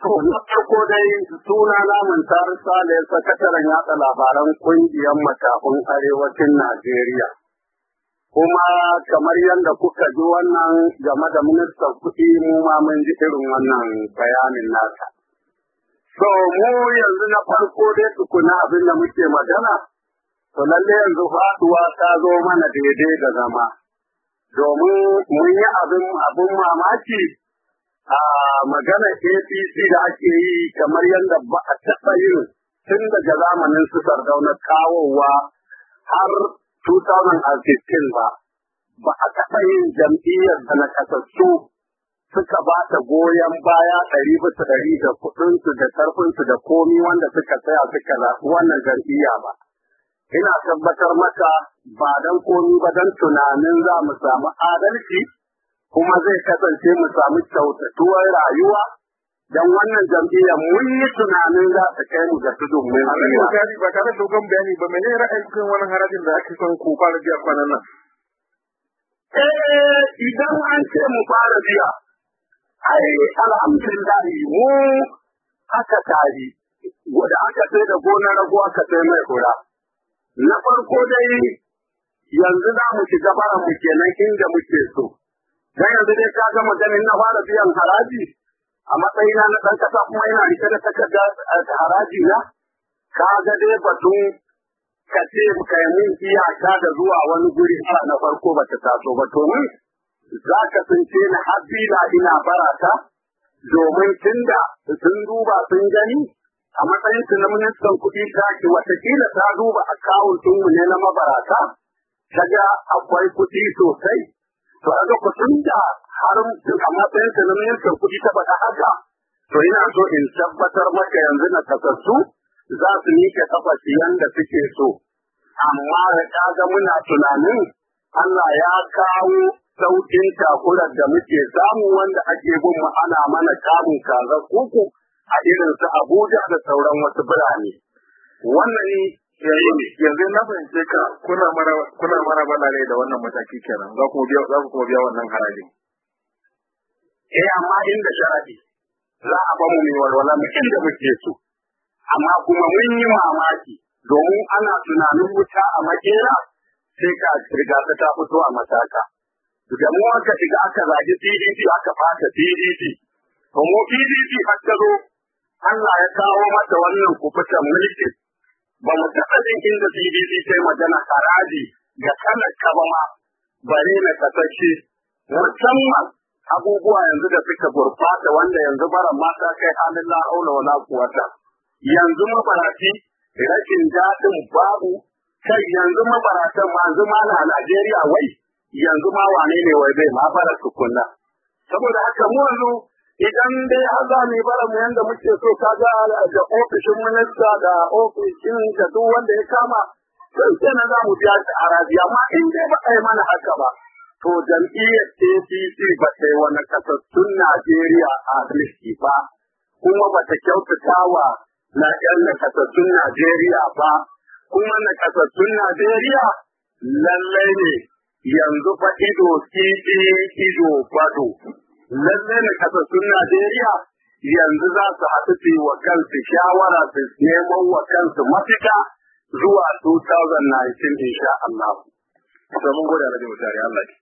To, na farko dai suna na Muntar Sale sakataren yatsa labaran kungiyar matafin arewacin Najeriya. Kuma kamar yadda kuka ji wannan game da ministan kuɗi mu ma mun ji irin wannan bayanin nata. So, mu yanzu na farko dai tukuna abin da muke magana, to lalle yanzu faɗuwa ta zo mana daidai da zama. Domin mun yi abin abin mamaki magana APC da ake yi kamar yadda ba a taɓa yin tun daga zamanin su sardauna kawowa har 2015 ba, ba a taɓa yin jam'iyyar da na kasassu suka ba ta goyon baya ɗari bisa ɗari da kuɗinsu da sarfinsu da komi wanda suka tsaya suka zaɓi wannan jam'iyya ba. Ina tabbatar maka ba don komi ba don tunanin za mu samu adalci kuma zai kasance mu samu kyautatuwar rayuwa dan wannan jam'iyya mun yi tunanin za su kai mu ga tudun mun rayuwa. Ba ba da dogon bayani ba me mene ra'ayin kan wannan harajin da ake son ku fara biya kwanan nan? Eh idan an ce mu fara biya ai alhamdulillah mu aka tari wanda aka sai da gonar rago aka sai mai kura Na farko dai yanzu za mu shiga bara mu kenan inda muke so. dan yanzu dai ka ga ganin na fara biyan haraji a matsayina na ɗan ƙasa kuma yana rike da takarda a haraji na ka ga dai batun ka ce ka yi min iyaka da zuwa wani guri na farko ba ta taso ba to ni za ka tsince ni har bila ina ta domin tunda sun duba sun gani a matsayin su na ministan kuɗi wata watakila ta duba akawun ɗinmu ne na mabarata ta ga akwai kuɗi sosai to a ga tun da har a ka na kuɗi ta faɗa haka to ina so in tabbatar maka yanzu na kasassu za su miƙe kafa yanda suke so amma ka ga muna tunanin Allah ya kawo sauƙin takurar da muke samu wanda ake bin mu ana mana kamun kazar kuku a irin su Abuja da sauran wasu birane. Wannan yanzu na fahimce ka kuna mara kuna mara balare da wannan mataki kenan za ku biya za ku biya wannan harajin eh amma inda sharadi za a ba mu mai walwala mu inda muke so amma kuma mun yi mamaki domin ana tunanin wuta a makera sai ka riga ta ta fito a mataka da mu aka shiga aka zagi PDP aka fata PDP to mu PDP har ta zo Allah ya kawo mata wannan kufutan mulkin inda CBC ta yi magana haraji ga talaka ba ma bare na kasashe musamman abubuwa yanzu da suka gurfata wanda yanzu bara mata kai halin la'aula wa kuwata yanzu mabarafi rashin daɗin babu kai yanzu mabaratan ma yanzu ma na Najeriya wai yanzu ma wane ne wai bai ma fara tukunna saboda haka mu yanzu idan dai har za mu yi mu yadda muke so ka ga da ofishin minista da ofishin da wanda ya kama sai kenan za mu biya shi arabiya amma in dai ba a yi mana haka ba to jam'iyyar APC ba ta yi wani kasassun Najeriya a riski ba kuma ba ta kyautata wa na ƴan nakasassun Najeriya ba kuma nakasassun Najeriya lallai ne yanzu fa ido titi ido bado. lallai ne kasassun Najeriya yanzu za su haɗu su yi wa kansu shawara su neman wa kansu mafita zuwa 2019 insha Allah. Sai mun gode Allah ya mutare Allah ki.